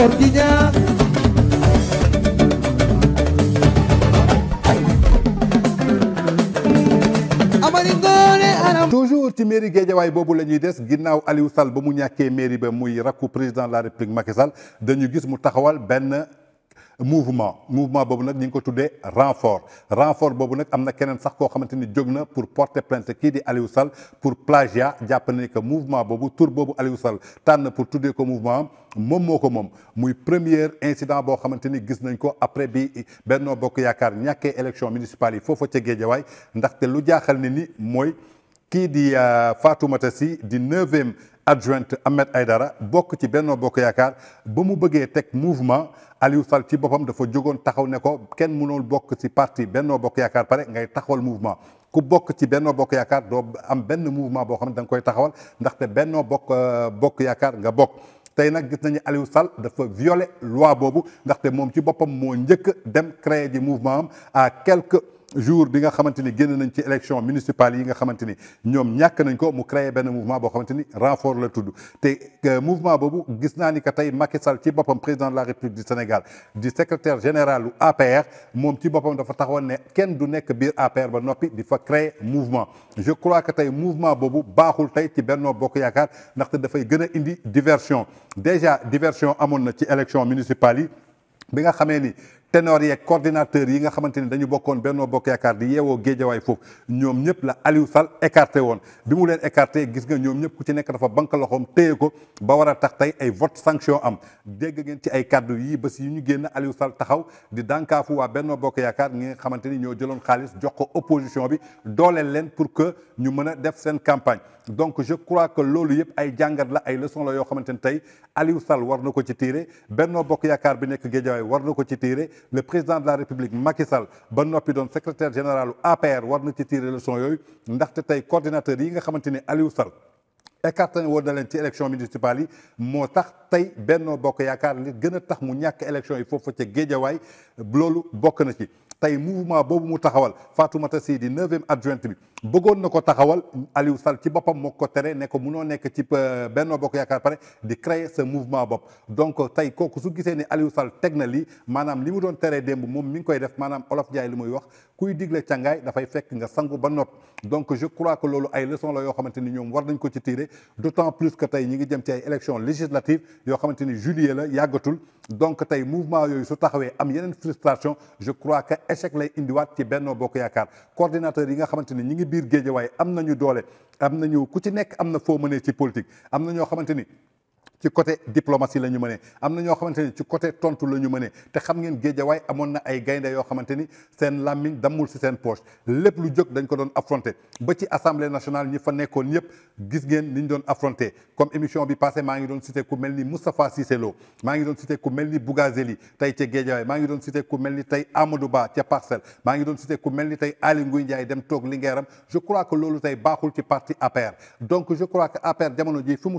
góor gi ñaan amari toujours ci mairie Guédiawaye boobu la ñuy des ginnaaw Aliou ba mu ñàkkee mairie ba muy rakku président la république Macky Sall dañu gis mu taxawal benn mouvement mouvement bobu nak ñu ko renfort renfort bobu nak amna kenen sax ko xamanteni jogna pour porter plainte qui di Aliou Sall pour plagiat jàpp mouvement bobu tour bobu Aliou Sall tan pour tuddé ko mouvement mom moko mom muy premier incident bo xamanteni gis nañ ko après bi Benno Bokk yakar ñaké élection municipale yi foofa ca ndax té lu jaaxal ni moy mooy di euh, Fatoumata Sy di neuvième adjointe Ahmed Aydara bok ci Benno bok yakar ba mu bëggee teg mouvement Aliou Sall ci boppam dafa jógoon taxaw ne ko kenn mënul bok ci parti Benno bok yakar paré ngay taxawal mouvement ku bok ci Benno bok yakar do am benn mouvement bo xam ne nga koy taxawal ndaxte Benno bok euh, bok yakar nga bok tey nak gis nañu Aliou Sall dafa violer loi boobu ndaxte mom ci bopam mo njëkk dem créer ji mouvement à quelques jour bi nga xamanteni ni génn nañ ci élection municipale yi nga xamante ni ñoom ñàkk nañ ko mu créé benn mouvement boo xamante ni renfort la tudd te euh, mouvement boobu gis naa ni que tey Macky Sall ci boppam président de la République du Sénégal di secrétaire général lu APR moom ci boppam dafa taxawoon ne kenn du nekk biir APR ba noppi di fa créer mouvement je crois que tey mouvement boobu baaxul tey ci Benno Bokk Yaakaar ndaxte dafay gën a indi diversion déjà diversion amoon na ci élection municipale yi bi nga xamee ni ténor yeeg coordinateur yi nga xamanteni dañu bokkoon Benno Bokk Yaakaar di yeewoo géejawaay foofu ñoom ñep la Aliou Sall écarté woon bi mu leen écarté gis nga ñoom ñep ku ci nekk dafa banque loxom téye ko ba war a tax tey ay vote sanction am dégg ngeen ci ay kàddu yi bés yi ñu génn Aliou Sall taxaw di dànkaafu waa Benno Bokk Yaakaar nga xamante ni ñoo jëloon xaalis jox ko opposition bi dooleel leen pour que ñu mën a def seen campagne donc je crois que loolu yëpp ay jàngat la ay leçon la yoo xamante ni tey Aliou Sall war na ko ci tiire Benno Bokk Yaakaar bi nekk géejawaay war na ko ci tiire le président de la république Macky Sall ba nopi doon secrétaire général APR war na ci tirer leçon yooyu ndaxte tay coordinateur yi nga xamanteni ne Aliou Sall écarté woon na leen ci élection municipale yi moo Benno Bokk yakar li gëna tax mu ñak élection yi foofu ca Géejawaay lolu bokk na ci tay mouvement bobu mu taxawal Mata Sy 9 neuvième adjointe bi bëggoon na ko taxawal Aliou Sall ci boppam moo ko tere ne ko munoo nekk ci euh, Benno Bokk Yaakaar pare di créer ce mouvement bopp donc euh, tey kooku su gisee ni Aliou Sall teg na lii maanaam li mu doon teree démb moom mi ngi koy def maanaam Olof Njaay li muy wax kuy digle càngaay dafay fekk nga sangu ba noot donc je crois que loolu ay leçon la yoo xamante ni ñoom war nañ ko ci tirer d'autant plus que tey ñi ngi jëm ci ay élections législatives yoo xamante ni juillet la yàggatul donc tey mouvement yooyu su taxawee am yeneen frustration je crois que échec lay indiwaat ci Benno Bokk Yaakaar coordinateur yi nga xamante ni ñi ngi biir waaye am nañu doole am nañu ku ci nekk am na foo mënee ci politique am na ñoo xamante ni ci côté diplomatie lañu ñu amna ño xamanteni ci côté tontu lañu ñu té te xam ngeen géejawaay amon na ay gaynde yo xamanteni sen seen damul ci sen poche lepp lu jóg dañ ko doon affronté ba ci assemblée nationale ñi fa nekkon yëpp gis ngeen niñ doon affronté comme émission bi passé ma ngi doon cité ku melni Moustapha Cissé Lo ngi doon cité ku melni ni tay ci ca géejawaay ngi doon cité ku melni tay Amadou Ba ci Parcelles ma ngi doon cité ku melni tay Ali Aly Ndiaye dem Tok Linguère je crois que lolu tay baxul ci parti APR donc je crois que APR jamono ji fi mu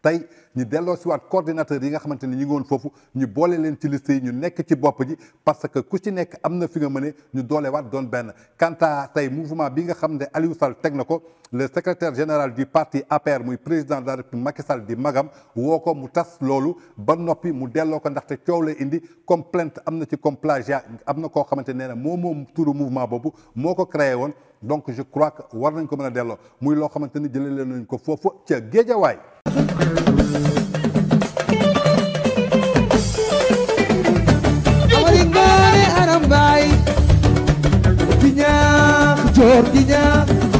tey ñu delloo si waat coordinateur yi nga xamante ni ñu ngi woon foofu ñu boole leen ci liste yi ñu nekk ci bopp ji parce que ku ci nekk am na fi nga mëne ñu doole waat doon benn quant tey mouvement bi nga xam ne Aliou Sall teg na ko le secrétaire général du parti APR muy président de la République Macky Sall di magam woo ko mu tas loolu ba noppi mu delloo ko ndaxte coow la indi comme plainte am na ci comme plagiat am na koo xamante nee na moo moom turu mouvement boobu moo ko créé woon donc je crois que war nañ ko mën a delloo muy loo xamante ni jëlee leen nañ ko foofu ca géejawaay amari ngoone aram baay di ñaax joor di